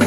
い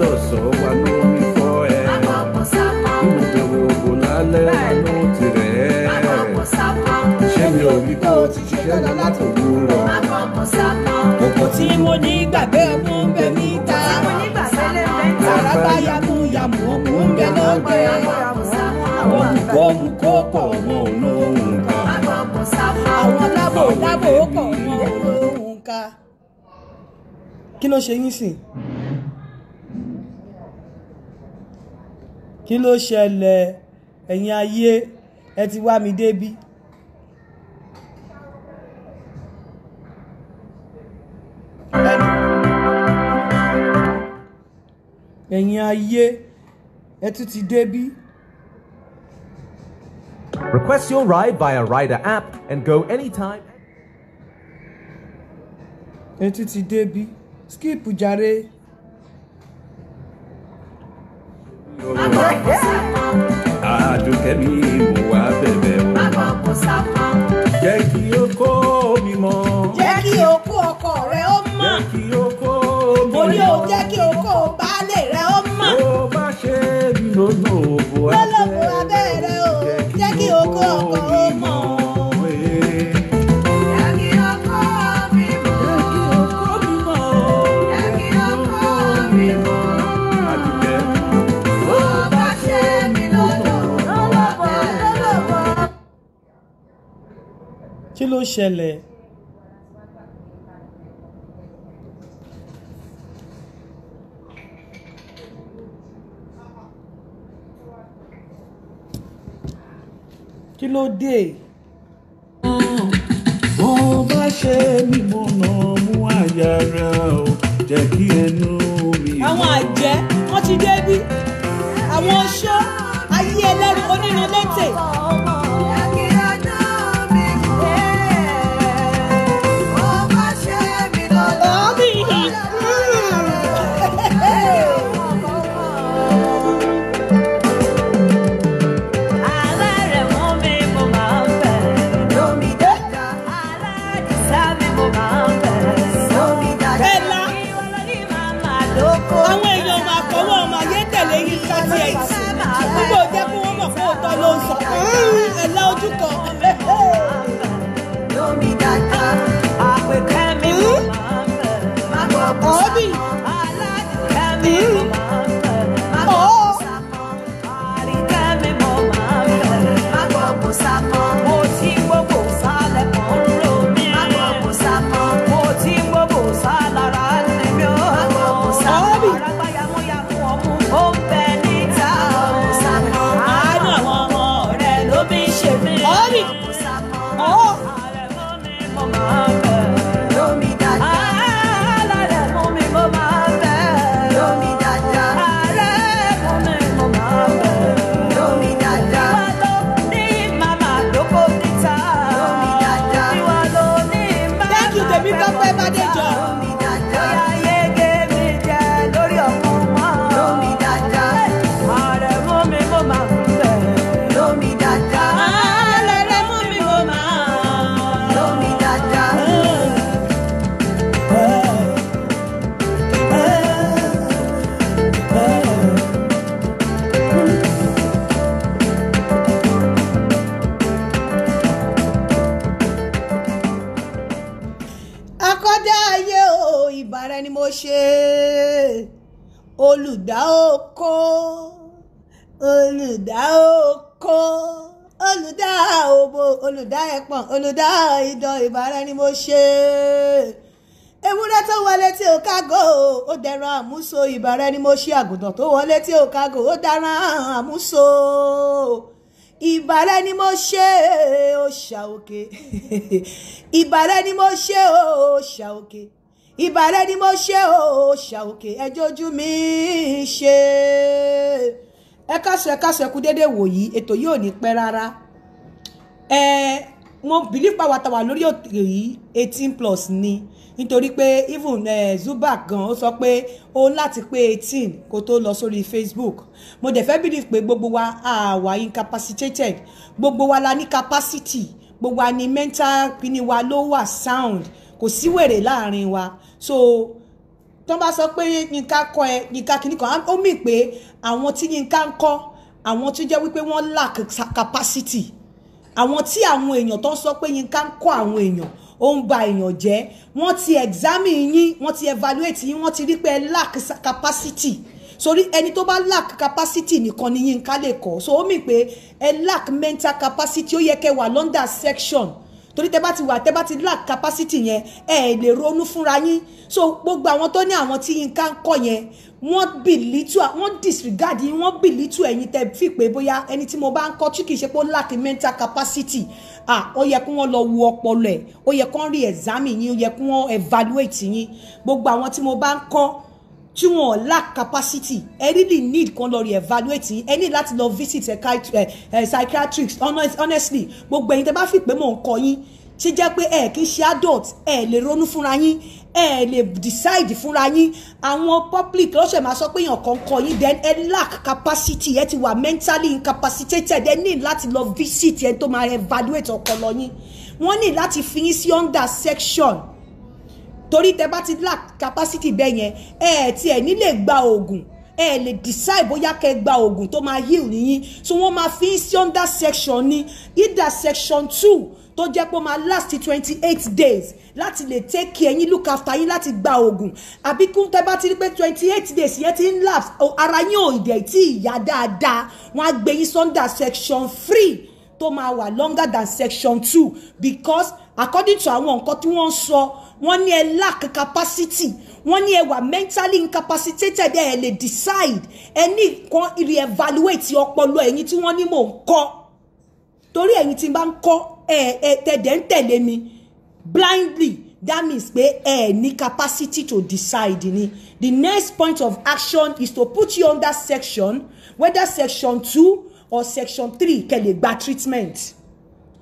dọ̀sọ̀ wà ní omi fọ́ ẹ. Ìwòdòwò ògbò lálẹ́ wà ní òtí rẹ̀ ẹ. Ṣé mi ò rí pé o ti ṣiṣẹ́ lọ láti òwúrọ̀? Kòkò tí mo ní gbàgbé mú bẹ níta. Àràbá yamuyamu mú bẹ lóde. Àwọn olùkọ́ olùkọ́ pọ̀ wọn ò lóhùn ká. Àwọn lábò lábò pọ̀ wọn ò lóhùn ká. Kí ló ṣe yín sìn? kí ló ṣẹlẹ̀ ẹ̀yin ayé ẹ ti wá mi débí. ẹ̀yin ayé ẹ tún ti débí. Request your ride via Rider app and go anytime. Ẹ tún ti débí. Skip jàre. àdùkẹ́mi mo wá bẹ̀bẹ̀ o. bàbá kò sáfọ́. jẹ́ kí okó mi mọ́. jẹ́ kí okó ọkọ rẹ̀ ó mọ́. jẹ́ kí okó mi mọ́. mo ní o jẹ́ kí okó bá. kí ló ṣẹlẹ̀ kí ló dé. bó bá ṣe ni mo nà mú àyà rẹ o jẹ́ kí ẹnu mi. àwọn àjẹ́ wọ́n ti dé àwọn ọṣọ́ ayé ẹlẹ́rú onínú ó ṣe ewúrẹ́ tó wọlé tí ó kágò ó dẹran àmúso ìbàrẹ́ ni mo ṣe àgùntàn tó wọlé tí ó kágò ó dẹran àmúso ìbàrẹ́ ni mo ṣe ó ṣà òkè ìbàrẹ́ ni mo ṣe ó ṣà òkè ìbàrẹ́ ni mo ṣe ó ṣà òkè ẹjọ́ ojú mi ṣe ẹ kásọ ẹ kú déédéé wòyí ètò yìí ní pẹ́ rárá ẹ. Eh, mo believe power tower lórí òkè yìí eighteen plus ni nítorí pé even uh, Zubac gan ó sọ pé ó láti pé eighteen kó tó lọ sórí Facebook mo dẹ̀ fẹ́ believe pé gbogbo wa àwa ah, incapacitated gbogbo wa la ní capacity gbogbo wa ní mental kíni wa ló wà sound kò sí wèrè láàrin wa so tó bá sọ pé yínká kọ ẹ yínká kìíní kan ó mì pé àwọn tí yínká ń kọ àwọn tó jẹ́ wípé wọ́n lack capacity àwọn tí àwọn èèyàn tó ń sọ pé Yínká ń kọ́ àwọn èèyàn ó ń ba èèyàn jẹ́ wọ́n ti examine yín wọ́n ti evaluate yín wọ́n ti rí pé ẹ lack capacity sórí ẹni tó bá lack capacity nìkan ni Yínká lè kọ́ so ó mì pé ẹ lack mental capacity ó yẹ kẹ́ wà London section torí tẹ bá ti wà tẹ bá ti lack capacity yẹn ẹ eh, lè ronú fúnra yín so gbogbo àwọn tó ní àwọn tí yín ká ń kọ yẹn wọ́n bìlítù wọ́n disregard yín wọ́n bìlítù ẹ̀yin tẹ fi pé bóyá ẹni tí mo bá ń kọ́ tí kì í ṣe pé ó lack mental capacity ah ó yẹ kí wọ́n lọ wo ọpọlọ ẹ̀ ó yẹ kí wọ́n re examine yín ó yẹ kí wọ́n evaluate yín gbogbo àwọn tí mo bá ń kọ́ tí wọn lack capacity ẹ really need kan lọ re-evaluate yín ẹ ní láti lọ visit eh, eh, psychiatrist honestly gbogbo ẹ̀yin tẹ́ bá fi pé mò ń kọ yín ṣe jẹ́ pé ẹ kì í ṣe adult ẹ lè ronú fúnra yín ẹ lè decide fúnra yín àwọn public lọ́sẹ̀ máa sọ pé èèyàn kan kọ yín then ẹ lack capacity ẹ ti wà mentally incapacitated ẹ need láti lọ visit ẹ tó máa evaluate ọpọlọ yín wọ́n ní láti fi yín sí under section torí tẹ bá ti lack capacity bẹ́ẹ̀ yẹn ẹ ẹ tí ẹ nílè gba oògùn ẹ lè decide bóyá kẹ gba oògùn tó máa heal nìyín so wọ́n máa fi ń sí under section ní either section two tó jẹ́ pé ó máa last twenty eight days láti lè take care yín look after yín láti gba oògùn àbí kí tẹ bá ti rí pé twenty eight days yẹn ti ń lapse ara yín ò dẹ̀ tí ìyá dáadáa wọ́n á gbé yín sọ́ndà section three tó máa wà longer than section two because according to àwọn nǹkan tí wọ́n ń sọ wọ́n ní ẹ lack capacity wọ́n ní ẹ wà mentally incapacitated ẹ lè decide ẹ ní nǹkan re-evaluate ọpọlọ ẹ̀yin tí wọ́n ní mò ń kọ́ torí ẹ̀yin tí n bá ń kọ́ ẹ ẹ tẹ̀dẹ̀ ń tẹ̀lé mi blindly that means pé ẹ ní capacity to decide ni the next point of action is to put you under section whether section two or section three kẹ́ lè gba treatment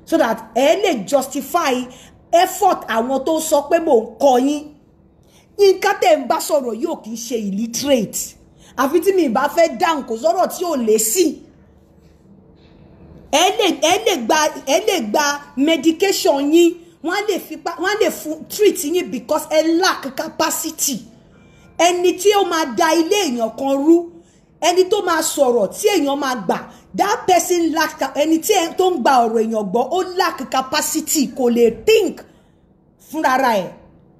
so that ẹ lè justify effort àwọn tó sọ pé mò ń kọ́ yín nǹkan tẹ̀ ń bá sọ̀rọ̀ yóò kì í ṣe illiterate àfi tí mi bá fẹ́ dáhùn kò sọ̀rọ̀ tí ò lé sí ẹ lè gba ẹ lè gba medication yín wọ́n lè fipá wọ́n lè fún treat yín because ẹ lack capacity ẹni tí ó máa da ilé èèyàn kan rú ẹni tó máa sọ̀rọ̀ tí èèyàn máa gbà that person lack ẹni tí ẹni tó ń gba ọ̀rọ̀ èèyàn gbọ́ ó lack capacity kò lè think fúnrara ẹ̀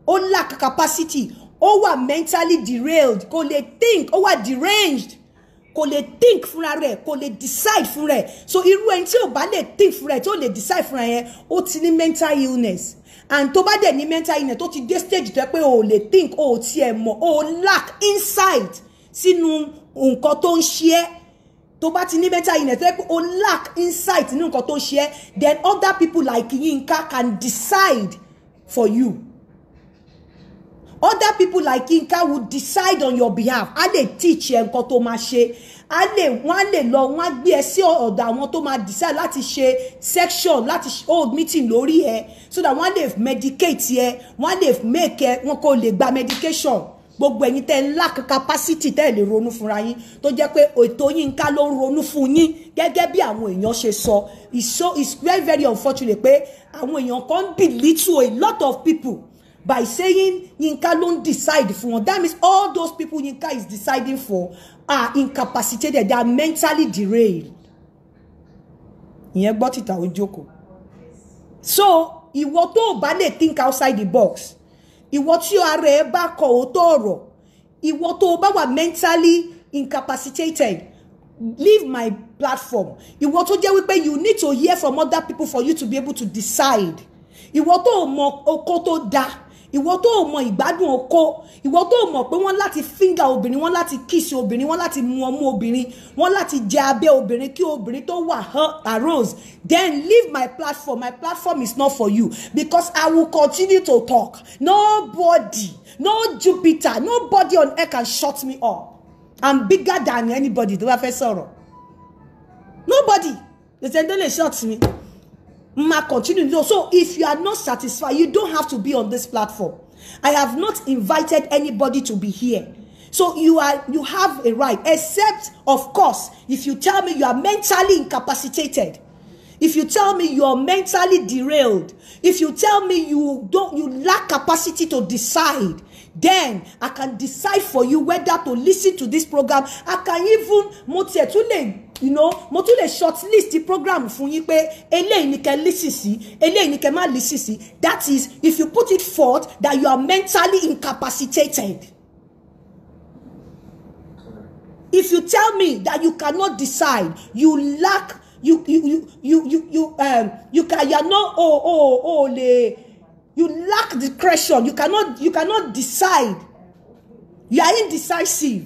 ó lack capacity ó wà mentally derailed kò lè think ó wà deranged kò lè think fúnra rẹ̀ kò lè decide fúnra ẹ̀ so irú ẹni tí ò bá lè think fúnra ẹ̀ tí ò lè decide fúnra yẹn ó ti ní mental illness and tó bá dẹ̀ ní mental illness tó ti dé stage tó yẹ pé o ò lè think o ò tiẹ̀ mọ̀ o lack insight sínú nǹkan tó ń ṣe ẹ́ tó bá ti ní mental illness tó yẹ pé o lack insight ní nǹkan tó ń ṣe then other people like Yinka can decide for you other people like Yinka would decide on your behalf a lè teach ẹ nǹkan tó máa ṣe a lè wọ́n a lè lọ wọ́n á gbé ẹ sí ọ̀dọ̀ àwọn tó máa decide láti ṣe section láti hold meeting lórí ẹ so that wọ́n á lè medicate ẹ wọ́n á lè make ẹ wọn kò lè gba medication gbogbo ẹ̀yin tẹ́ ń lack capacity tẹ́ ẹ̀ lè ronú fúnra yín tó jẹ́ pé ètò yín ká ló ń ronú fún yín gẹ́gẹ́ bí àwọn èèyàn ṣe sọ it's so it's very very unfortunate pé àwọn èèyàn kan ń belittle a lot of people by saying Yinka ló ń decide fún wọn that means all those people Yinka is deciding for are incapacitated they are mentally derailed ìyẹn gbọ́ títà ó jókòó so ìwọ tó o bá lè think outside the box ìwọ tí ara ẹ bá kọ òótọ́ ọ̀rọ̀ ìwọ tó o bá wà mentally incapacitated leave my platform ìwọ tó jẹ́ wípé you need to hear from other people for you to be able to decide ìwọ tó o mọ oko tó dáa ìwọ tó o mọ ìgbádùn oko ìwọ tó o mọ pé wọ́n láti fíngà obìnrin wọ́n láti kíìsì obìnrin wọ́n láti mu ọmú obìnrin wọ́n láti jẹ abẹ́ obìnrin kí obìnrin tó wà arose then leave my platform my platform is not for you because I will continue to talk nobody no Jupiter nobody on earth can shut me up I'm bigger than anybody tó bá fẹ́ sọ̀rọ̀ nobody lè ṣe ń délé shut me ma continue no so if you are not satisfied you don't have to be on this platform i have not invited anybody to be here so you are you have a right except of course if you tell me you are mentally incapacitated if you tell me you are mentally derailed if you tell me you don't you lack capacity to decide then i can decide for you whether to listen to this program i can even mo tiẹ̀ tún lè you know mo tún lè shortlist program fún yín pé eléyìí ni kẹ́ listen sí eléyìí ni kẹ́ má listen sí that is if you put it forth that you are mentally incapacitated if you tell me that you cannot decide you lack you you you you you you um you can you are not oh oh oh le you lack discretion you cannot you cannot decide you are indecisive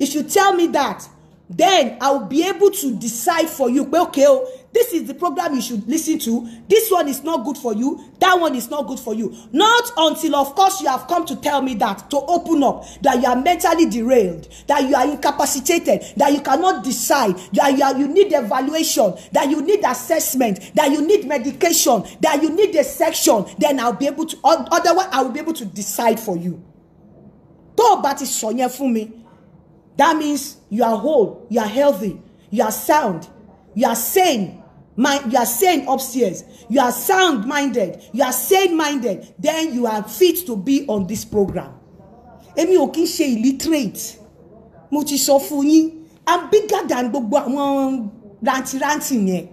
if you tell me that then i will be able to decide for you pé okay o this is the program you should listen to this one is not good for you that one is not good for you not until of course you have come to tell me that to open up that you are mentally derailed that you are incapacitated that you cannot decide that you, are, you need evaluation that you need assessment that you need medication that you need a section then I'll be able to otherwise I will be able to decide for you tó ti sọ yẹn that means you are whole you are healthy you are sound you are sane Mind, you are sane upstairs. You are sound minded. You are sane minded. Then you are fit to be on this program. Èmi ò kìí ṣe illiterate. Mo ti sọ fún yín. I'm bigger than gbogbo àwọn rantiranti yẹn.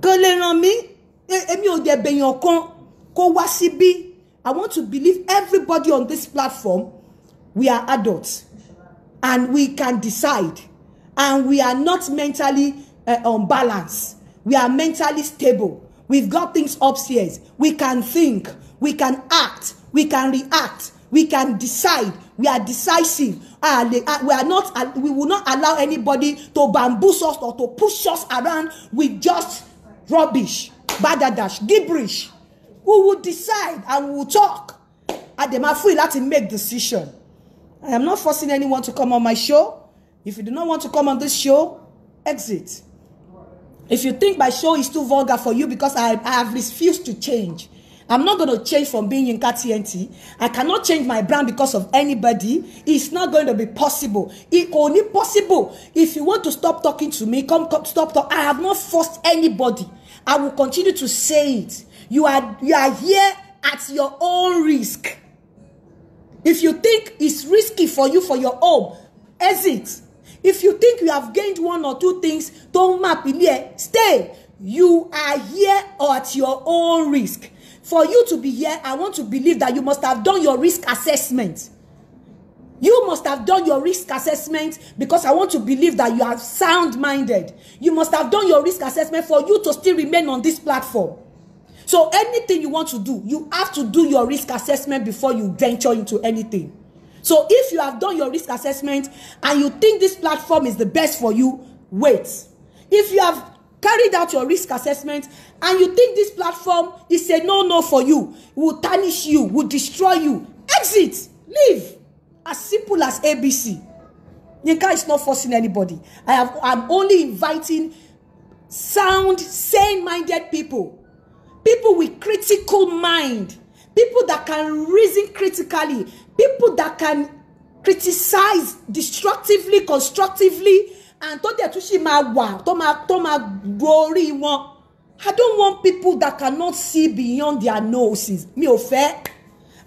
Kò lè ràn mí. Èmi ò dẹ̀ bèèyàn kan kó wá síbí. I want to believe everybody on this platform, we are adults and we can decide and we are not mentally uh, on balance. We are mentally stable. We've got things upstairs. We can think. We can act. We can react. We can decide. We are decisive. Uh, we are not. Uh, we will not allow anybody to bamboozle us or to push us around with just rubbish, badadash, gibberish. We will decide and we will talk. And they are free to make decision. I am not forcing anyone to come on my show. If you do not want to come on this show, exit. If you think my show is too vulgar for you because I, I have refused to change, I'm not going to change from being in TNT. I cannot change my brand because of anybody. It's not going to be possible. It only possible if you want to stop talking to me. Come, come stop talk. I have not forced anybody. I will continue to say it. You are you are here at your own risk. If you think it's risky for you for your own, exit if you think you have gained one or two things tó map má pilẹ̀ stay you are here at your own risk for you to be here i want to believe that you must have done your risk assessment you must have done your risk assessment because i want to believe that you are sound minded you must have done your risk assessment for you to still remain on this platform so anything you want to do you have to do your risk assessment before you venture into anything So if you have done your risk assessment and you think this platform is the best for you, wait. If you have carried out your risk assessment and you think this platform is a no-no for you, will tarnish you, will destroy you, exit, leave. As simple as ABC. Yinka is not forcing anybody. I have, I'm only inviting sound, sane-minded people. People with critical mind. People that can reason critically people that can criticize destructively constructively and tó dẹ̀ tún ṣì máa wà tó máa tó máa gorí wọn i don't want people that cannot see beyond their noses mi ò fẹ́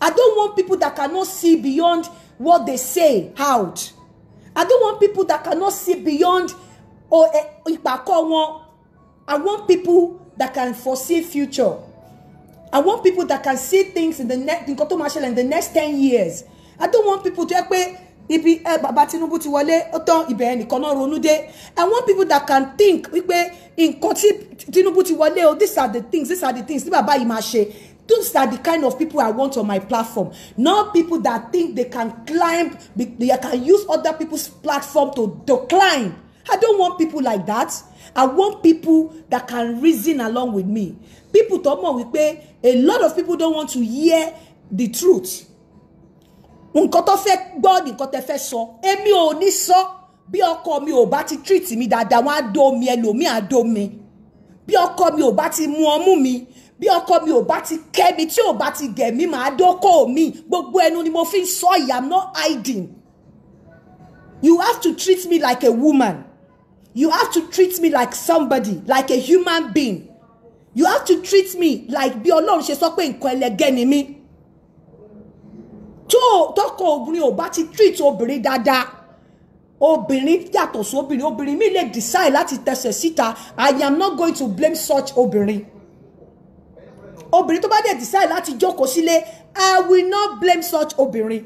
i don't want people that cannot see beyond what they say out i don't want people that cannot see beyond oh, eh, ìpàkọ́ wọn i want people that can foresee future I want people that can see things in the next in Koto Marshall in the next ten years I don't want people to equate pé ibi ẹ eh, bàbá Tinubu ti wọlé ó tán ibẹ̀ nìkan náà ronú dé I want people that can think wípé nǹkan tí Tinubu ti wọlé o these are the things these are the things tí bàbá yìí máa ṣe those are the kind of people I want on my platform not people that think they can climb they can use other people's platform to decline. I don't want people like that I want people that can reason along with me people tó mọ̀ wípé a lot of people don't want to hear the truth nǹkan tó fẹ́ gbọ́ nǹkan tẹ́ fẹ́ sọ èmi ò ní sọ bí ọkọ mi ò bá ti treat mi dáadáa wọn á dó mi ẹlòmíì á dó mi bí ọkọ mi ò bá ti mu ọmú mi bí ọkọ mi ò bá ti kẹ́ mi tí ò bá ti gẹ̀ mí màá dókò mi gbogbo ẹnu ni mo fi ń sọ yìí i'm not hiding you have to treat me like a woman you have to treat me like somebody like a human being you have to treat me like bí ọlọ́run ṣe sọ pé nǹkan ẹlẹgẹ́ ni mí tó tọkọ obìnrin ò bá ti treat obìnrin dáadáa obìnrin yàtọ̀ sí obìnrin obìnrin mi lè decide láti tẹsẹ̀ síta i am not going to blame such obìnrin obìnrin tó bá dẹ̀ decide láti jókòó sílé i will not blame such obìnrin.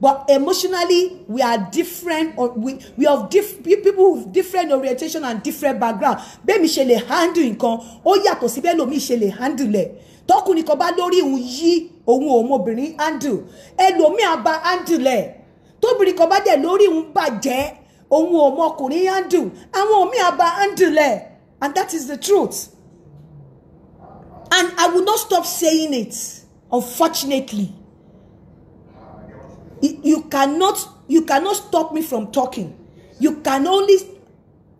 But emotionally, we are different, or we, we have diff people with different orientation and different background. Bẹ́ẹ̀ mi ṣe lè handle nǹkan, ó yàtọ̀ sí bẹ́ẹ̀ lòmí ṣe lè handle ẹ̀. Tọkùnrin kan bá lórí òun yí òun òun obìnrin handle. Ẹlòmí àbá handle ẹ̀. Tóbìnrin kan bá dẹ̀ lórí òun bàjẹ́, òun òun handle. Àwọn òmí àbá handle ẹ̀. And that is the truth. And I will not stop saying it, unfortunately you cannot you cannot stop me from talking you can only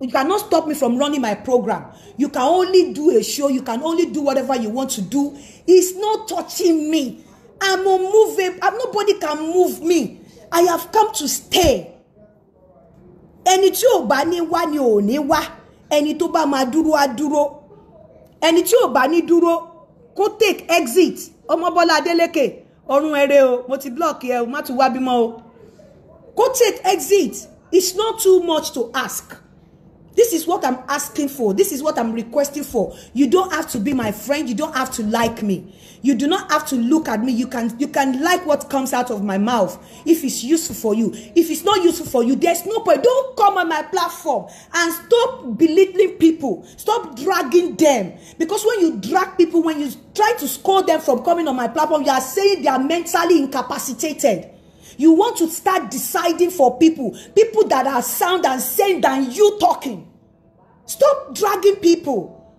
you cannot stop me from running my program you can only do a show you can only do whatever you want to do it's not touching me i'm unmovable I'm, nobody can move me i have come to stay ẹni tí ò bá ní wá ni ò ní wá ẹni tó bá máa dúró á dúró ẹni tí ò bá ní dúró kó take exit ọmọbọlá adélékè ọ̀run ẹ̀rẹ́ o mo ti block ẹ o má tún wá bímọ o go take exit it's not too much to ask This is what I'm asking for. This is what I'm requesting for. You don't have to be my friend. You don't have to like me. You do not have to look at me. You can you can like what comes out of my mouth if it's useful for you. If it's not useful for you, there's no point. Don't come on my platform and stop belittling people. Stop dragging them because when you drag people, when you try to score them from coming on my platform, you are saying they are mentally incapacitated. You want to start deciding for people, people that are sound and sane than you talking. Stop dragging people.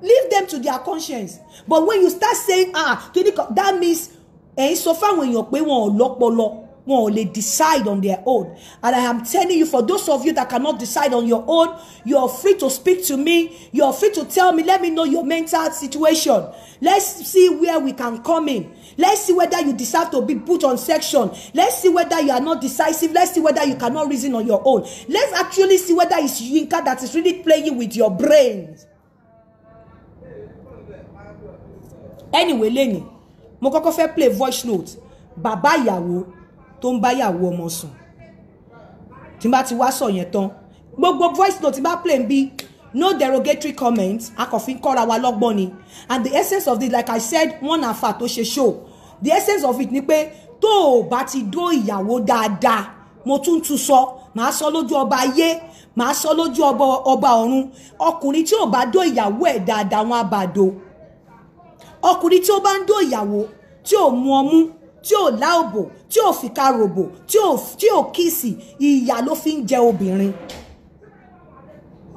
Leave them to their conscience. But when you start saying, ah, that means ẹ̀yin sọ fáwọn when pé wọn ò lọ́pọlọ wọn ò lè decide on their own and I am telling you for those of you that cannot decide on your own you are free to speak to me you are free to tell me let me know your mental situation let's see where we can come in Let's see whether you deserve to be put on section. Let's see whether you are not decisive. Let's see whether you cannot reason on your own. Let's actually see whether it's Yinka that is really playing with your brains. Anyway, Lenny, mo kọ́kọ́ fẹ́ play voice note Baba ìyàwó tó ń bá ìyàwó ọmọ sùn tí n bá ti wá sọ yẹn tán gbogbo voice note tí n bá play ń bí no derogatory comments akọ̀fin kọ́ra wa lọ́gbọ́n ni and the essence of this like i said one na to tó show the essence of it ni pé tó o bá ti dó ìyàwó dáadáa mo tún tún sọ màá sọ lójú ọba ayé màá sọ lójú ọba ọba ọ̀run ọkùnrin tí ò bá dó ìyàwó ẹ̀ dáadáa wọn á do ọkùnrin tí ó bá ń dó ìyàwó tí ò mu ọmú tí ò lá òbò tí ò fìkà ròbò tí ò kíìsì ìyà ló fi ń jẹ obìnrin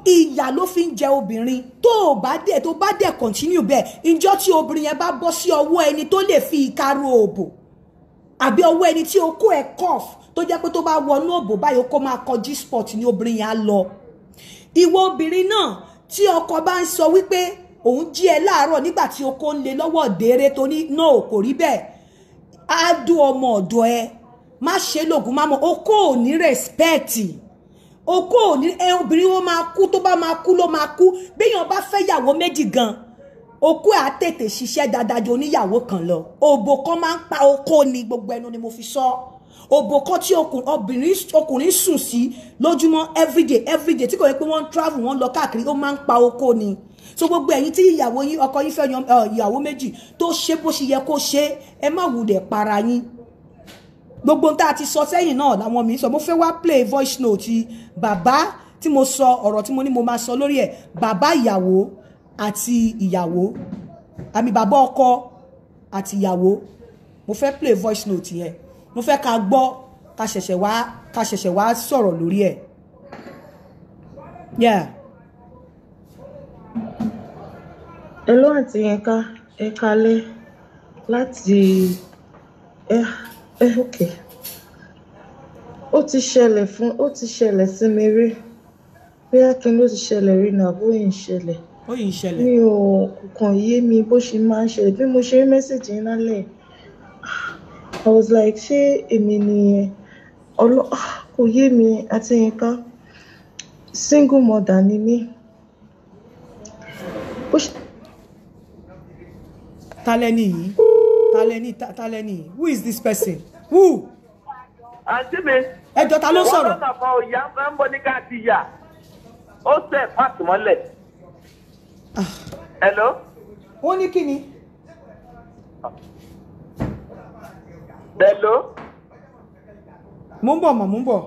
ìyà ló fi ń jẹ obìnrin tó o bá dẹ̀ tó bá dẹ̀ continue bẹ́ẹ̀ ìjọ́ tí obìnrin yẹn bá bọ́ sí ọwọ́ ẹni tó lè fi ìka ro òbò àbí ọwọ́ ẹni tí o kó ẹ̀ cough tó jẹ́ pé tó bá wọnú òbò báyìí kó máa kọ G-spot ní obìnrin yẹn á lọ ìwọ obìnrin náà tí ọkọ bá ń sọ wípé òun jí ẹ láàárọ̀ nígbà tí ọkọ ń lé lọ́wọ́ déere tó ní náà kò rí bẹ́ẹ̀ á dún ọmọ ọ̀dọ̀ ẹ má ṣe lògùn má mọ ọkọ ní rẹ́spẹ́ẹ̀tì okó òní obìnrin wọn máa kú tó bá máa kú ló máa kú béèyàn bá fẹ́ yàwó méjì gan okó ẹ̀ á tètè ṣiṣẹ́ dáadáa ju oníyàwó kan lọ òbò kan máa ń pa oko ni gbogbo ẹnu ni mo fi sọ òbò kan tí ọkùnrin sùn sí lójúmọ́ everyday everyday tí kò yẹ pé wọ́n ń travel wọ́n lọ káàkiri ó máa ń pa oko ni so gbogbo ẹ̀yin tí ìyàwó yín ọkọ yín fẹ́ yan ìyàwó méjì tó ṣe bó ṣe yẹ kó ṣe ẹ má wulẹ̀ gbogbo tá a ti sọ sẹ́yìn náà làwọn mi sọ mo fẹ́ wá play voice note ti bàbá tí mo sọ ọ̀rọ̀ tí mo ní mo máa sọ lórí ẹ̀ bàbá ìyàwó àti ìyàwó àmì bàbá ọkọ àti ìyàwó mo fẹ́ play voice note yẹn mo fẹ́ ká gbọ́ ká ṣẹ̀ṣẹ̀ wá ká ṣẹ̀ṣẹ̀ wá sọ̀rọ̀ lórí ẹ̀ yeah. hello àti yẹn ká ẹ kalẹ̀ láti ẹ. Eh ẹ eh, ok ó ti ṣẹlẹ̀ fún ó ti ṣẹlẹ̀ sí mi rí bóyá kí n ló ti ṣẹlẹ̀ rí nà bó yìí ń ṣẹlẹ̀ ó yìí ń ṣẹlẹ̀. mi ò kàn yé mi bó ṣe máa ń ṣẹlẹ̀ bí mo ṣe rí mẹ́sàgì yín lálẹ́ i was like ṣé èmi nìyẹn ọlọ́ ah, kò yé mi àti Yinka single mother ni mí. ta lẹ́ni yìí talẹ́ni talẹ́ni who is this person who. àǹtí mi. ẹjọ́ ta ló sọ̀rọ̀. wọ́n lọ́kàn kan òyà ń bọ́ ní ká ti ó tẹ̀ pàtì mọ́lẹ̀. Ah. hello. ó ní kí ni. mo ń bọ̀ mọ̀ mo ń bọ̀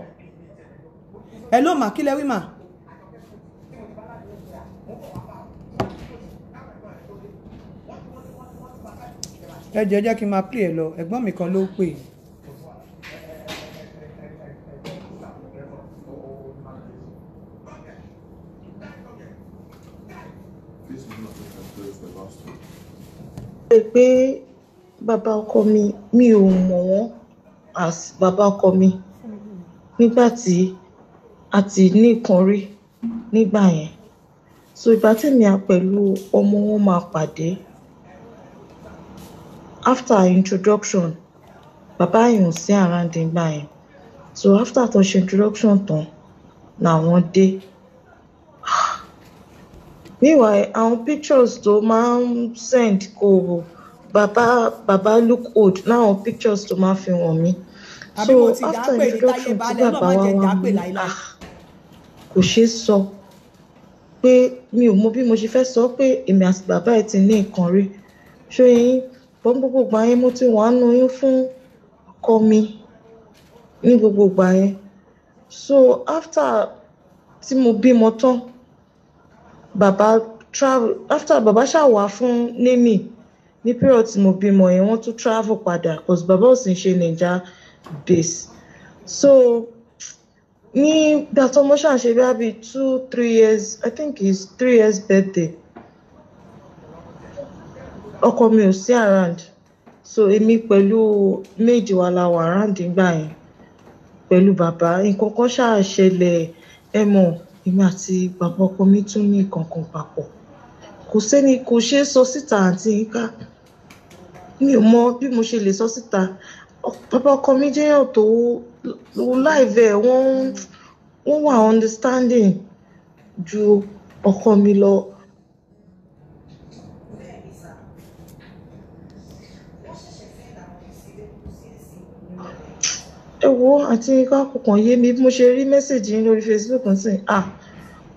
hello mà kí lẹ wí mà. ẹ jẹ́ jẹ́ kí n máa play ẹ lọ ẹ̀gbọ́n mi kan ló pè é. pé bàbá ọkọ mi mi ò mọ̀ wọ́n as bàbá ọkọ mi nígbà tí a ti ní nǹkan rí nígbà yẹn so ìgbà tèmi à pẹ̀lú ọmọ wọn máa pàdé after introduction bàbá yìí ò sí around nígbà yẹn so after tó ṣe introduction tán làwọn dé meanwhile àwọn pictures tó máa ń send kò bàbá bàbá look old láwọn pictures tó máa fi wọ̀n mí so after introduction tí bàbá wa wà mí ah, kò ṣeé sọ pé mi ò mọ bí mo ṣe fẹ́ sọ pé èmi àti bàbá ẹ̀ ti ní nǹkan rí ṣó yẹn ṣùgbọ́n gbogbo ìgbà yẹn mo ti wà nínú oyún fún ọkọ mi ní gbogbo ìgbà yẹn so after tí mo bímọ tán bàbá travel after bàbá ṣàwà fún nénì ní period tí mo bímọ yẹn wọ́n tún travel padà cause bàbá ò sì ń ṣe naija base so ní gbàtọ́ mo ṣàǹṣe bí i two three years i think it's three years birthday ọkọ mi ò sí around so èmi pẹ̀lú méjì wa la wà around nígbà yẹn pẹ̀lú bàbá nǹkan kan ṣáà ṣẹlẹ̀ ẹ mọ̀ èmi àti bàbá ọkọ mi tún ní nǹkan kan papọ̀ kò sẹ́ni kò ṣeé sọ síta àti nǹkan mi ò mọ bí mo ṣe lè sọ síta bàbá ọkọ mi jẹ́ èèyàn tó láìvẹ̀ wọ́n wọ́n wà understanding ju ọkọ mi lọ ẹ wo àti kákòkàn yé mi mo ṣe rí mẹ́sẹ̀gì yín lórí Facebook nsìn ah,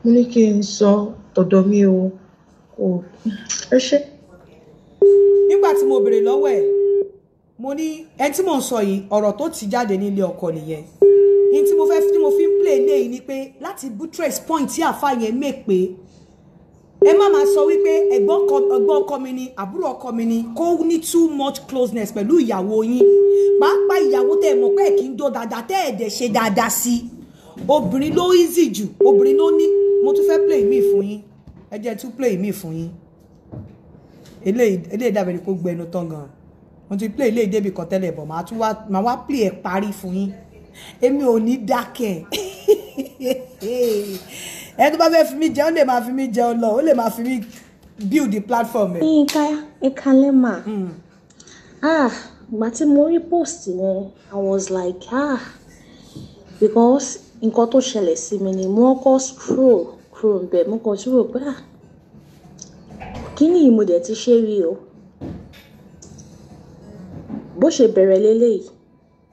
mo ní kí n sọ tọ̀dọ̀ mi o kò ẹ ṣe. nígbà tí mo béèrè lọ́wọ́ ẹ̀ mo ní ẹni tí mò ń sọ yìí ọ̀rọ̀ tó ti jáde nílé ọkọ nìyẹn ní tí mo fẹ́ tí mo fi ń play ní èyí ni pé láti buttress point tí àfa yẹn mè pé ẹ má máa sọ wípé ẹ̀gbọ́n ọkọ mi ni àbúrò ọkọ mi ni kó ní too much closeness pẹ̀lú ìyàwó yín pàápàá ìyàwó tẹ́ ẹ mọ̀ pé kì í dó dáadáa tẹ́ ẹ dẹ̀ ṣe dáadáa sí i obìnrin ló easy jù obìnrin ló ní mo tún fẹ́ play mi fún yín ẹ jẹ́ tún play mi fún yín eléyìí eléyìí dàbẹ̀rẹ̀ kó gbẹnu tán gan mo ti play eléyìí débi kan tẹ́lẹ̀ bọ̀ màá tún wá màá wá play ẹ̀ parí fún yín èmi ò ní dákẹ́ ẹni tó bá fẹ́ fi mí jẹun lè máa fi mí jẹun lọ ó lè máa fi mí build the platform ẹ. yínká ìkàlẹ́ mà hmm. ah ìgbà tí mo rí post yẹn i was like ah because nǹkan tó ṣẹlẹ̀ sí mi ni mo kọ́ scroll scroll bẹ̀ mo kàn sí rò pé ah kí ni mo dẹ̀ ti ṣe rí o bó ṣe bẹ̀rẹ̀ lélẹ́yìí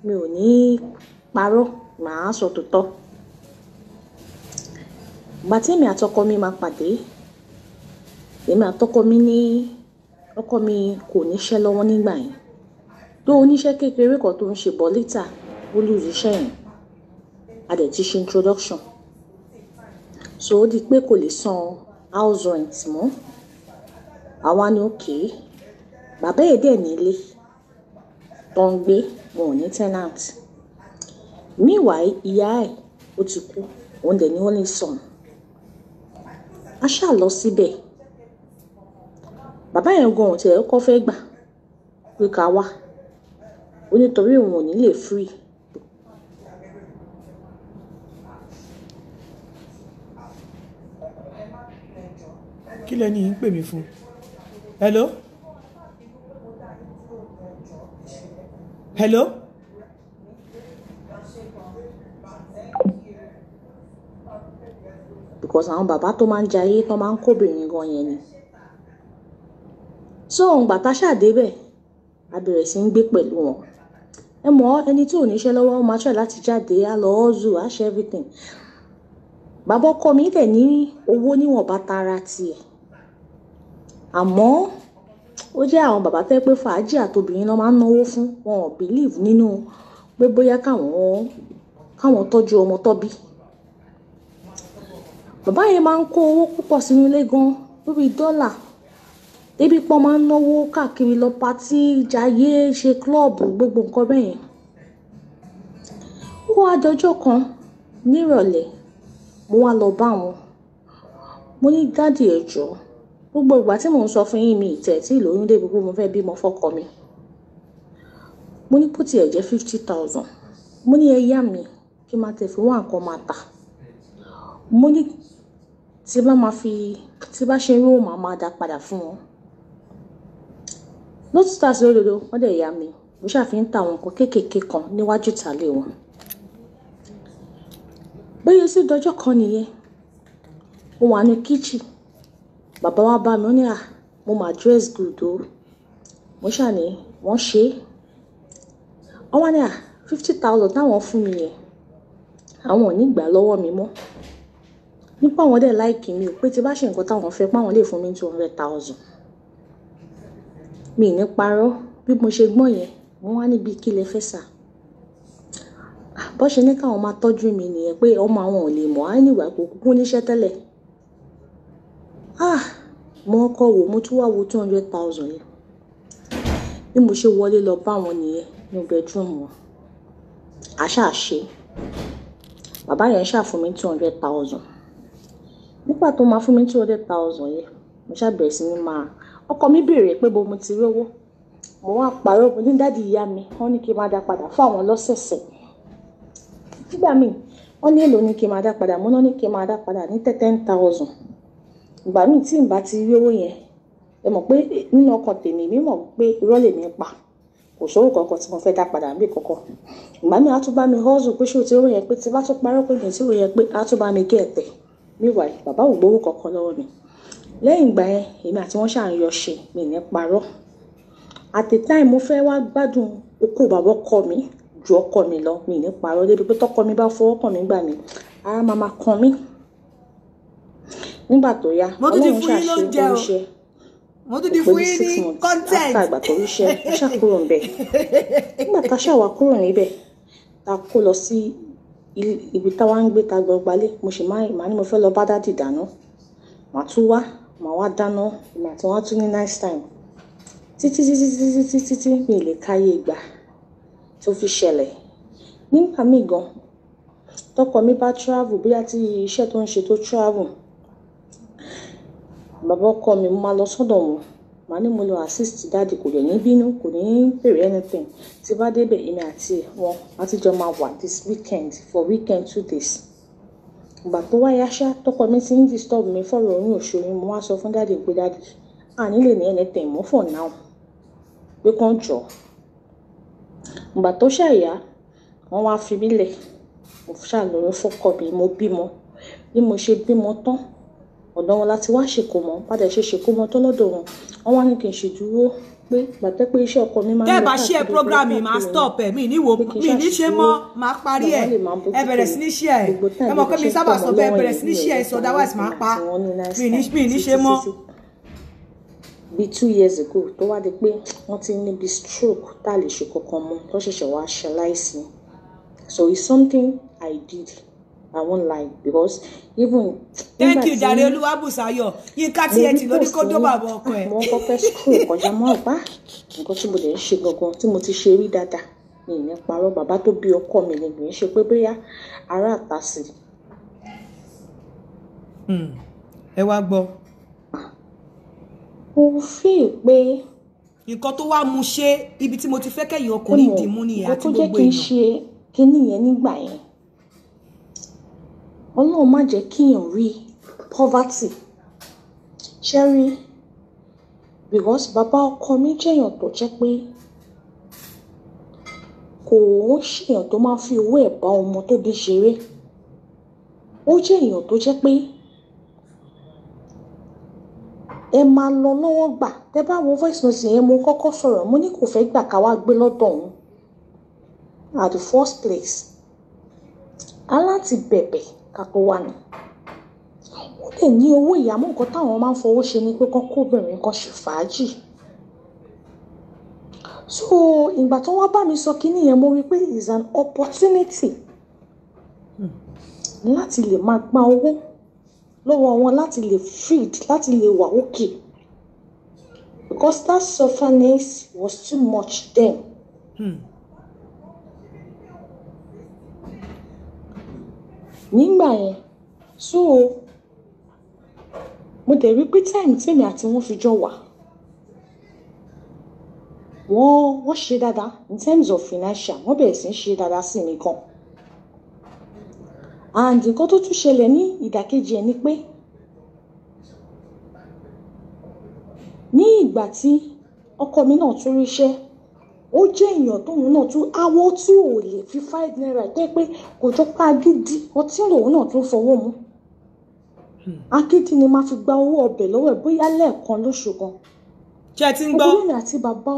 mi ò ní parọ́ màá sọ tòótọ́. So Ìgbà tí èmi àti ọkọ mi máa pàdé, èmi àti ọkọ mi ní, ọkọ mi kò níṣẹ́ lọ́wọ́ nígbà yẹn. Though oníṣẹ́ kékeré kan tó ń ṣe but later, ó lose iṣẹ́ A dẹ̀ ti ṣe introduction. So ó di pé kò lè san house rent mọ́. Àwa ni okay. Bàbá ẹ̀ dẹ̀ ní tó ń gbé, wọn ò ní tenant. Meanwhile, ìyá ẹ̀ ó ti kú, òun dẹ̀ ni only son a ṣá lọ síbẹ̀ bàbá yẹn gan ọ̀tẹ̀ ọkọ fẹ́ gbà pé ká wá ó nítorí òun ò ní lè free. kí lẹni yìí ń pè mí fún hello hello. because àwọn bàbá tó máa ń jayé tó máa ń kóbìnrin gan yẹn ni so òun gbà tá ṣàdé bẹ́ẹ̀ a bẹ̀rẹ̀ sí ń gbé pẹ̀lú wọn ẹ mọ̀ ẹni tí ò níṣẹ́ lọ́wọ́ ó máa try láti jáde á lọ ọ́zù á ṣe everything bàbá ọkọ mi dẹ̀ ní owó níwọ̀nba tara tiẹ̀ àmọ́ ó jẹ́ àwọn bàbá tẹ́ pé fàájì àtobìnrin lọ́ máa ń náwó fún wọn ò believe nínú pé bóyá káwọn tọ́jú ọmọ tọ́bí bàbá yẹn máa ń kó owó púpọ̀ sínú ilé gan lórí dọ́là débi pọ́n máa ń náwó káàkiri lọ patí jayé ṣe klọ́ọ̀bù gbogbo nǹkan bẹ́ẹ̀ yẹn ó wá dọjọ́ kan nírọ̀lẹ́ mo wá lọ bá wọn mo ní dádì ẹ jọ̀ọ́ gbogbo ìgbà tí mò ń sọ fún yín mi ìtẹ̀ tí ìlóyún débi pé mo fẹ́ bímọ fọ́kọ mi mo ní bó tiẹ̀ fifty thousand mo ní ẹ yá mi kí n máa tẹ̀ fún wọn nǹkan máa tà mo ní tí bá máa fi, tí bá ṣe rí òun, màá máa dá padà fún wọn. a àti lódodo, wọ́n dẹ̀ yá mi. Mo ṣà fi ń ta àwọn nǹkan kéékèèké kan níwájú ìta ilé wọn. Bóyá sí dọjọ́ kan nìyẹn, mo wà nínú kitchen. Bàbá wa bá mi, ó ní, "à, mo máa dress good o." Mo ṣà ní, "wọ́n ṣé." Wọ́n wá ní, "à, fifty thousand táwọn fún mi yẹn, àwọn ò ní gbà lọ́wọ́ mi mọ́." nípa àwọn dẹ̀ láìkì mi ò pé tí bá ṣe nǹkan táwọn fẹ́ páwọn lè fún mi two hundred thousand mi ní parọ́ bí mo ṣe gbọ́n yẹn mo wá níbi kí lè fẹ́ sà ah, bó ṣe ní káwọn máa tọ́jú mi nìyẹn pé ọmọ àwọn ò lè mọ̀ á níwà kó kúkú níṣẹ́ tẹ́lẹ̀ ah, mo kọ́ wò mo tún wá wo two hundred thousand yẹn bí mo ṣe wọlé lọ bá wọn nìyẹn ní bedroom wọn àṣà ṣe bàbá yẹn ṣàfùn two hundred thousand nígbà tó máa fún mi two hundred thousand yẹn mo ṣàbẹ̀rẹ̀ sí ni máa ọkọ mi béèrè pé bo mo ti rí owó mo wá parọ́ mo ní dáàdi ìyá mi wọ́n ní kí n máa dá padà fún àwọn lọ́sẹ̀ẹ̀sẹ̀ nígbà míì wọ́n ní èlò ní kí n máa dá padà mo náà ní kí n máa dá padà ní ten thousand ìgbà míì tí n bá ti rí owó yẹn ẹ mọ̀ pé nínú ọkàn tèmi mi mọ̀ pé irọ́ lè ní pa kò sówó kankan tí mo fẹ́ dá padà níbí kankan ìgbà míì á tún bá mi hustle pé ṣé o ti rí yẹn pé tí bá tún parọ́ pé mi ti rí yẹn pé á tún bá mi gé ẹ̀tẹ̀ meanwhile bàbá ò gbowó kankan lọ́wọ́ mi lẹ́yìn ìgbà yẹn èmi àti wọ́n ṣáà ń yọ ṣe mi ní parọ́ at the time mo fẹ́ wá gbádùn oko bàbá ọkọ mi ju ọkọ mi lọ mi ní parọ́ débi pé tọkọ mi bá fọwọ́ kàn mí gbà mí ara máa ma kan mí nígbà tó yá ọlọ́run ṣàṣe oríṣẹ́ mo tún di fún yín content after àgbà tó ríṣẹ́ ó ṣàkúrò ń bẹ̀ nígbà tá a ṣàwà kúrò níbẹ̀ tá kó lọ sí ibi táwa ń gbé ta gan gbalé mo sì máa ìmá ni mo fẹ́ lọ bá dádì dáná màá tún wá màá wá dáná ìmọ̀ àti wọn tún ní nice time títí títí títí títí tí mi lè káyé ìgbà tó fi ṣẹlẹ̀ nígbà míì gan tọkọ mi bá travel bóyá tí iṣẹ́ tó ń ṣe tó travel bàbá ọkọ mi mo máa lọ sọ́dọ̀ wọn màá ní mo lọ assist dáàdì kò lè ní bínú kò ní bèrè anything tí bá débẹ̀ èmi àti wọn a ti jọ máa wà this weekend for weekend two days ìgbà tó wáyá ṣá tọkọ mi ti ń disturb mi fọ̀rọ̀ oyún òṣòyún mo wá sọ fún dáàdì pé dáàdì à nílè ní anything mọ́ for now pé kàn jọ ìgbà tó ṣàyà wọ́n wá fi mí lẹ̀ mo ṣàlóyún fọ́kọ mi mo bímọ bí mo ṣe bímọ tán ọ̀dọ̀ wọn láti wá ṣèkómọ padà ṣe ṣèkómọ tó lọ́dọ̀ wọn wọn wá ní kí n ṣe dúró pé gbàtẹ́ pé iṣẹ́ ọkọ mi máa ń lọ káàkiri ṣe program yìí máa stop ẹ̀ mi níwò mi ní ṣe mọ́ máa parí ẹ̀ ẹ bẹ̀rẹ̀ sí ní ṣe ẹ̀ ẹ mọ̀ pé mi sábà sọ pé bẹ̀rẹ̀ sí ní ṣe ẹ̀ sọ otherwise máa pa mi ní ṣe mọ́. bíi two years ago tó wá di pé wọ́n ti níbi stroke tá a lè ṣe kankan mú tó ṣẹ̀ṣẹ̀ wá ṣe láìsí so it's something I did I won't lie because even. thank you jare Olúwabùsáyọ̀ Yínká tiẹ̀ tì lórí kó dó bàbá ọkọ ẹ̀. mo kọ́kọ́ school kọjá mọ́ ọ̀pá nǹkan tí mo lè ṣe gangan tí mo ti ṣe rí dáadáa mi ní parọ́ bàbá tó bí ọkọ mi ni mi ṣe pé bóyá ará àta sí. Hmm, ẹ wá gbọ́. mo fi pé. nǹkan tó wá mu ṣe ibi tí mo ti fẹ́ kẹ́yìn ọkùnrin ìdìmú nìyẹn àti gbogbo èèyàn. nǹkan tó jẹ́ kí n ṣe kinní yẹn nígbà yẹn ọlọ́run má jẹ́ kíyàn rí poverty ṣẹ́rí because bàbá ọkọ mi jẹ́yàn tó jẹ́ pé kò ń ṣèyàn tó máa fi owó ẹ̀ bá ọmọ tó bí ṣeré ó jẹ́ èèyàn tó jẹ́ pé ẹ máa lọ lọ́wọ́ gbà tẹ bá wo voice note yẹn mo kọ́kọ́ sọ̀rọ̀ mo ní kò fẹ́ gbà ká wá gbé lọ́dọ̀ òun at the first place aláti bẹ̀bẹ̀ kakuwan wọ́n dẹ̀ ní owó ìyàmú nǹkan táwọn máa ń fowó ṣe ni pé kán kóbìnrin kan ṣe fàájì so ìgbà tó wá bá mi sọ kínní yẹn mo rí pé is an opportunity láti lè máa gbá owó lọ́wọ́ wọn láti lè feed láti lè wà òkè because that suffering was too much then. Hmm. nígbà yẹn so mo dẹ̀ rí pé time tèmi àti wọn fi jọ wà wọ́n wọ́n ṣe dáadáa in terms of financial wọ́n bẹ̀rẹ̀ sí ń ṣe dáadáa sí mi gan and nǹkan tó tún ṣẹlẹ̀ ní ìdàkejì ẹ̀ ni pé ní ìgbà tí ọkọ mi náà tún ríṣẹ́ ó jẹ́ èèyàn tóun náà tún awọ́ tí ò lè fi five naira tẹ́ pé kò jọ pa gidi ọtí lòun náà tún fọwọ́ mu hmm. akéde ni máa fi gba owó ọbẹ̀ lọ́wọ́ ẹ̀ bóyá lẹ́ẹ̀kan lóṣù kan ṣe ti ń gbọ́ obìnrin àti bàbá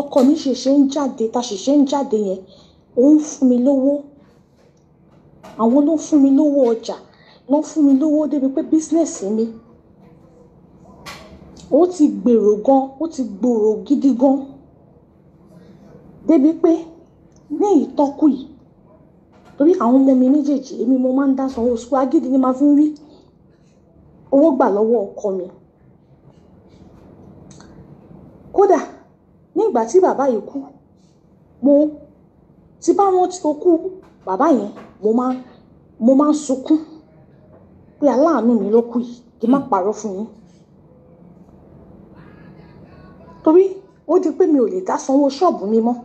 ọkọ mi ṣẹ̀ṣẹ̀ ń jáde ta ṣẹ̀ṣẹ̀ ń jáde yẹn òun fún mi lówó àwọn ló fún mi lówó ọjà ló fún mi lówó débi pé bísínẹ́sì mi ó ti gbèrò gan ó ti gbòòrò gidi gan débi pé ní ìtọ́kù yìí torí àwọn ọmọ mi méjèèjì èmi mo máa ń dá sanwó sùkúl agídí ni màá fi ń rí owó gbà lọ́wọ́ ọkọ mi kódà nígbà tí bàbá yìí kú mo ti bá wọn ti kú bàbá yẹn mo máa mo máa ń sunkún pé aláàánú mi ló kú yìí kí n má parọ́ fún yín torí ó di pé mi ò lè dá sanwó ṣọ́ọ̀bù mi mọ́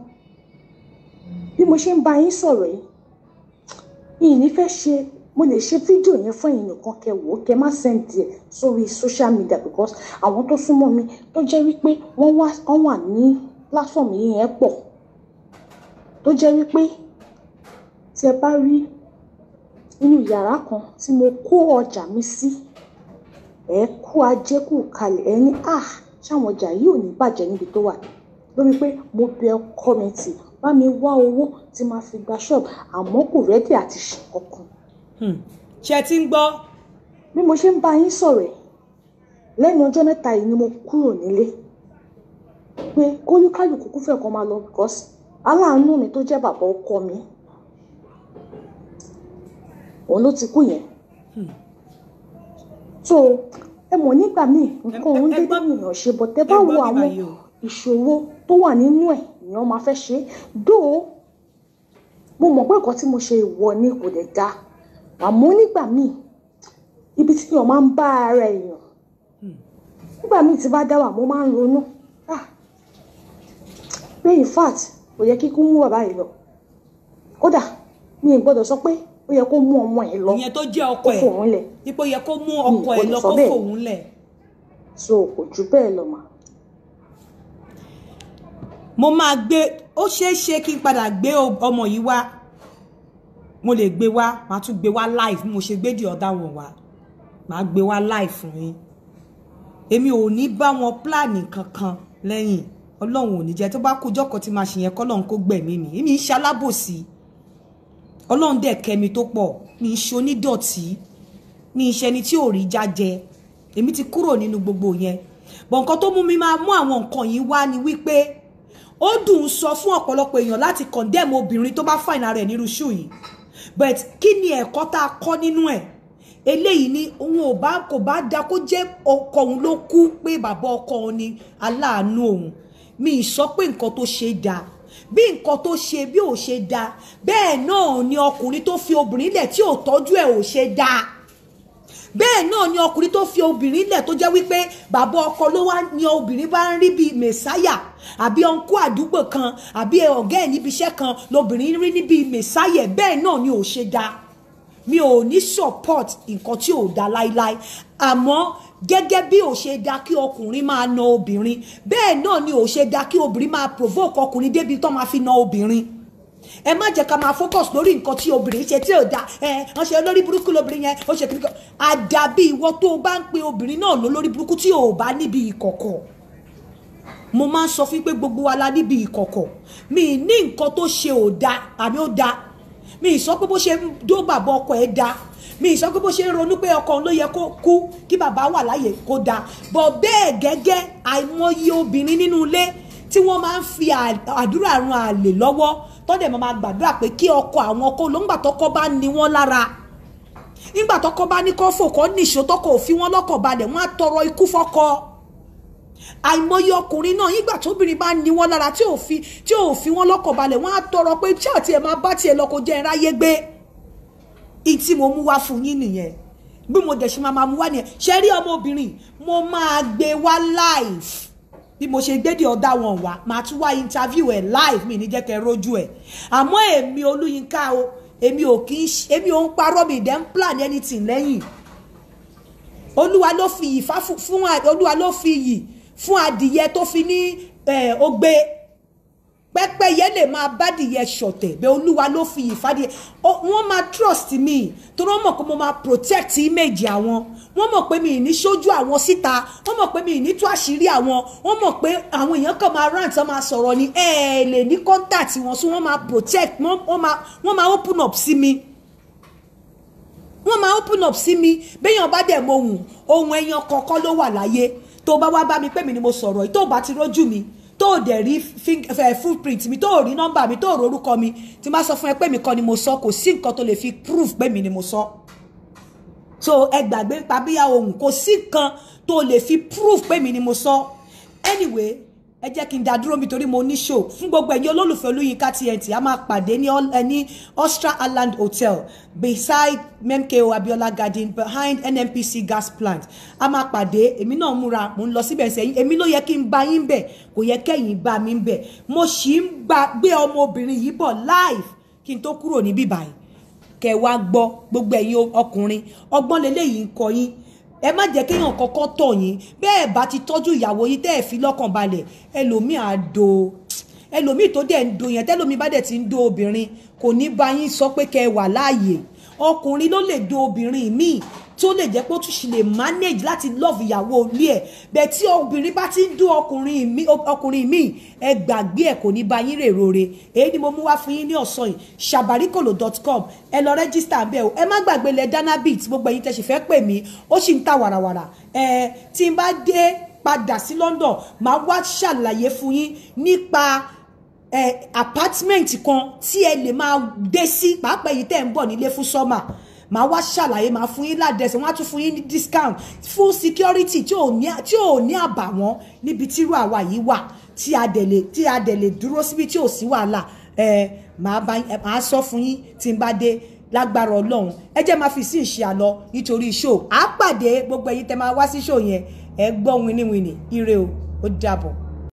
mo ṣe ń bá yín sọ̀rọ̀ yìí yìí ní fẹ́ ṣe mo lè ṣe fídíò yẹn fún ẹ̀yin nìkan kẹ́ wò ó kẹ́ má send ẹ sórí social media because àwọn tó súnmọ́ mi tó jẹ́ wípé wọ́n wà ní platform yìí yẹn pọ̀ tó jẹ́ wípé tí ẹ bá rí inú yàrá kan tí mo kó ọjà mi sí ẹ kú ajé kù kalẹ̀ ẹ ní à ah, ṣáwọn ọjà yìí ò ní bàjẹ́ níbi tó wà lórí pé mo bẹ ọkọ mi tì bá mi wá owó tí màá fi gba ṣọ́ọ̀bù àmọ́ kò rẹ́dì àti ṣe kankan. Hmm. ṣe ti ń gbọ́. bí mo ṣe ń bá yín sọ̀rọ̀ ẹ̀ lẹ́nu ọjọ́ mẹ́ta yìí ni mo kúrò nílé pé kólúkálù kúkú fẹ́ kó máa lọ because aláàánú mi tó jẹ́ bàbá ọkọ mi òun ló ti kú yẹn hmm. so ẹ mọ̀ nígbà míì nǹkan òun dédé èèyàn ṣe bọ̀ tẹ́ bá wo àwọn ìṣòro tó wà nínú ẹ̀ èèyàn máa fẹ́ ṣe dóò mo mọ̀ pé nǹkan tí mo ṣe ìwọ ni kò lè dá àmọ́ nígbà míì ibi tí èèyàn máa ń bá ara èèyàn hmm. nígbà míì tí bá dá wà mo máa ń ronú ah! pé in fact kò yẹ kí kú mú bàbá yìí lọ kódà mi ì gbọ́dọ̀ sọ pé ó yẹ kó mú ọmọ ẹ lọ ìyẹn tó jẹ́ ọkọ ẹ kó fòun lẹ̀ ipò yẹ kó mú ọkọ ẹ lọ kó fòun lẹ̀. so kò jù bẹ́ẹ̀ lọ màá mo máa gbé ó ṣeé ṣe kí n padà gbé ọmọ yìí wá mo lè gbé wá màá tún gbé wá live mo ṣe gbé di ọ̀dà wọn wá màá gbé wá live fún yín èmi ò ní bá wọn pílànì kankan lẹ́yìn ọlọ́run ò ní jẹ́ tó bá kú ọjọ́ kan tí màá ṣe yẹn kọ́ lọ́run kó gbẹ̀mí mi èmi ń ṣe alábòsí ọlọ́run dẹ̀ kẹ́mi tó pọ̀ mi ń ṣe onídọ̀tí mi ń ṣe ẹni tí ò rí jájẹ èmi ti kúrò nínú gbogbo yẹn bọ̀ nǹkan tó mú mi máa mú àwọn nǹkan yìí wá ni wípé ó dùn sọ fún ọ̀pọ̀lọpọ̀ èèyàn láti condemn obìnrin tó bá fàìnà rẹ̀ nírú ṣù yìí but kí ni ẹ̀kọ́ tá a kọ́ nínú ẹ̀ eléyìí ni òun ò bá kò bá da kó jẹ́ ọkọ òun ló kú pé bàbá ọkọ òun ni aláàánú òun mi ì sọ pé nǹkan tó ṣe dáa bí nǹkan tó ṣe bí ò ṣe dáa bẹ́ẹ̀ náà ni ọkùnrin tó fi obìnrin lẹ̀ tí ò tọ́jú ẹ̀ ò ṣe dáa bẹ́ẹ̀ náà ni ọkùnrin tó fi obìnrin lẹ̀ tó jẹ́ wípé bàbá ọkọ ló wá ni obìnrin bá ń rí bíi mẹ̀sáyà àbí ọ̀nkú àdúgbò kan àbí ọ̀gá ẹ̀ níbi iṣẹ́ kan lobìnrin rí ní bíi mẹ̀sáyà bẹ́ẹ̀ náà ni ò ṣe dáa mi ò ní support nǹkan tí ò dáa láíláí àmọ́ gẹ́gẹ́ bí ò ṣe dá kí ọkùnrin máa na obìnrin bẹ́ẹ̀ náà ni ò ṣe dá kí obìnrin máa provoke ọkùnrin débi tó máa fi na obìnrin ẹ má jẹ́ ká máa focus lórí nǹkan tí obìnrin ṣe tí ò da ẹ wọ́n ṣe olórí burúkú lóbìnrin yẹn ó ṣe kíríkọ àdàbí ìwọ tó o bá ń pe obìnrin náà ló lórí burúkú tí ò bá níbi ìkọ̀kọ̀ mo máa ń sọ fún pé gbogbo wa la níbi ìkọ̀kọ̀ mi ní nǹkan tó ṣe ò da àmì ó da mi ì sọ pé bó ṣe ń dó bàbá ọkọ ẹ da mi sọ pé bó ṣe ń ronú pé ọkọ ló yẹ kó kú kí bàbá wà láàyè kó dáa bọ bẹ́ẹ̀ gẹ́gẹ́ àìmọye obìnrin nínú ilé tí wọ́n máa ń fi àdúrà ran àlè lọ́wọ́ tọ́dẹ̀ máa gbàdúrà pé kí ọkọ àwọn kó ló ń gbà tọkọ bá ní wọ́n lára nígbà tọkọ bá ní kọ́ fòkọ nìṣó tọkọ òfin wọn lọ́kọ̀ balẹ̀ wọ́n á tọrọ ikú fọ́kọ àìmọye ọkùnrin náà nígbà tóbìnrin bá ní wọn lára tí òfin tí òfin wọn lọ́kọ̀ balẹ̀ wọ́n á tọrọ pé tí àti ẹ máa bá tiẹ̀ lọ kó jẹ gbé ìyí tí mo mú wá fún yín nìyẹn bí mo dẹ̀ ṣe máa máa mú wá nìyẹn ṣe rí ọmọbìnrin mo máa gbé wá life bí mo ṣe gbédè ọ̀dà wọn wá màá tún wá interview ẹ̀ live mi ní jẹ́ kẹ́ rojú ẹ̀ àmọ́ èmi olúyinká o èmi ò kí ń èmi ò ń parọ́ mi dẹ́ ń plan anything lẹ́yìn olúwa ló fi iyì fún olúwa ló fi iyì fún adìyẹ tó fi ní ogbe pẹ́pẹ́yẹ lè máa bádìyẹ ṣọ̀tẹ̀ bẹ́ẹ̀ olúwa ló fi ìfádìyẹ wọ́n máa trust mi torí wọ́n mọ̀ pé mo máa protect image àwọn wọ́n mọ̀ pé mi ì ní ṣojú àwọn síta wọ́n mọ̀ pé mi ì ní tú àṣírí àwọn wọ́n mọ̀ pé àwọn èèyàn kan máa rant máa sọ̀rọ̀ ni ẹ ẹ lè ní contact wọn so wọ́n máa protect wọ́n máa wọ́n open up sí mi wọ́n máa open up sí mi béèyàn bá dẹ̀ mo hùn ohun ẹyan kọ̀ọ̀kan ló wà láyé tó bá wá bá mi pé mi ni mo sọ̀rọ̀ yìí tó bá ti rójú mi tó o dẹ̀ rí footprint mi tó o rí nọ́mbà mi tó o rí orúkọ mi tí máa sọ fún ẹ pé mi kọ́ ni mo sọ kò sí nǹkan tó lè fi proof pé mi ni mo sọ so ẹ gbàgbé pàbíyá ohun kò sí nǹkan tó lè fi proof pé mi ni mo sọ anyway ẹ jẹ́ kí n dá dúró mi torí mo ní show fún gbogbo ẹ̀yin olólùfẹ́ olóyinka TNT a máa pàdé ní eh, ní Island Hotel beside MKO Abiola Garden behind NNPC gas plant a máa pàdé èmi náà múra mo ń lọ síbẹ̀ sẹ́yìn èmi ló yẹ kí n bá yín bẹ̀ kò yẹ kẹ́yìn bá mi bẹ̀ mo sì ń gbé ọmọbìnrin yìí bọ̀ live kí n tó kúrò níbí báyìí kẹ gbọ́ gbogbo ẹ̀yin ọkùnrin ọgbọ́n lélẹ́yìí ń ẹ má jẹ́ kéèyàn kọ́kọ́ tọ̀ yín bẹ́ẹ̀ bá ti tọ́jú ìyàwó yín tẹ́ ẹ̀ fi lọ́kàn balẹ̀ ẹlòmíì á do ẹlòmíì tó dẹ̀ ń do yẹn tẹ́lòmíì bá dẹ̀ ti ń do obìnrin kò ní bá yín sọ pé kẹ́ ẹ wà láàyè ọkùnrin ló lè do obìnrin míì tó lè jẹ́ pé ó tún ṣì lè manage láti love ìyàwó ilé ẹ̀ bẹ́ẹ̀ tí obìnrin bá ti ń dún ọkùnrin mi ẹ gbàgbé ẹ̀ kò ní bá yín rèrò re èyí ni mo mú wá fún yín ní ọ̀sán yìí sabarikolo.com ẹ lọ rẹ́gísítà bẹ́ẹ̀ o ẹ má gbàgbé lẹ danabit gbogbo ẹ̀yin tẹ̀sí fẹ́ pè mí ó sì ń ta wàràwàrà ẹ tí n bá dé padà sí London màá wá ṣàlàyé fún yín nípa apartment kan tí ẹ lè máa dé sí pàápàá èyí tẹ́ ń bọ̀ nílé fún sọ́mà màá wá ṣàlàyé màá fún yín ládẹsẹ̀ wọ́n á tún fún yín ní discount fún security tí ò ní tí ò ní àbàwọ́n níbi tírú àwa yìí wà tí a dẹ̀ lè tí a dẹ̀ lè dúró síbi tí ò sí wàhálà ẹ màá bá màá sọ fún yín tí n bá dé lágbára ọlọ́run ẹ jẹ́ máa fi sí ìṣe àlọ nítorí show àápàdé gbogbo ẹ̀yin tẹ́ máa wá sí show yẹn ẹ gbọ́ winiwini ire o ó dàbọ̀.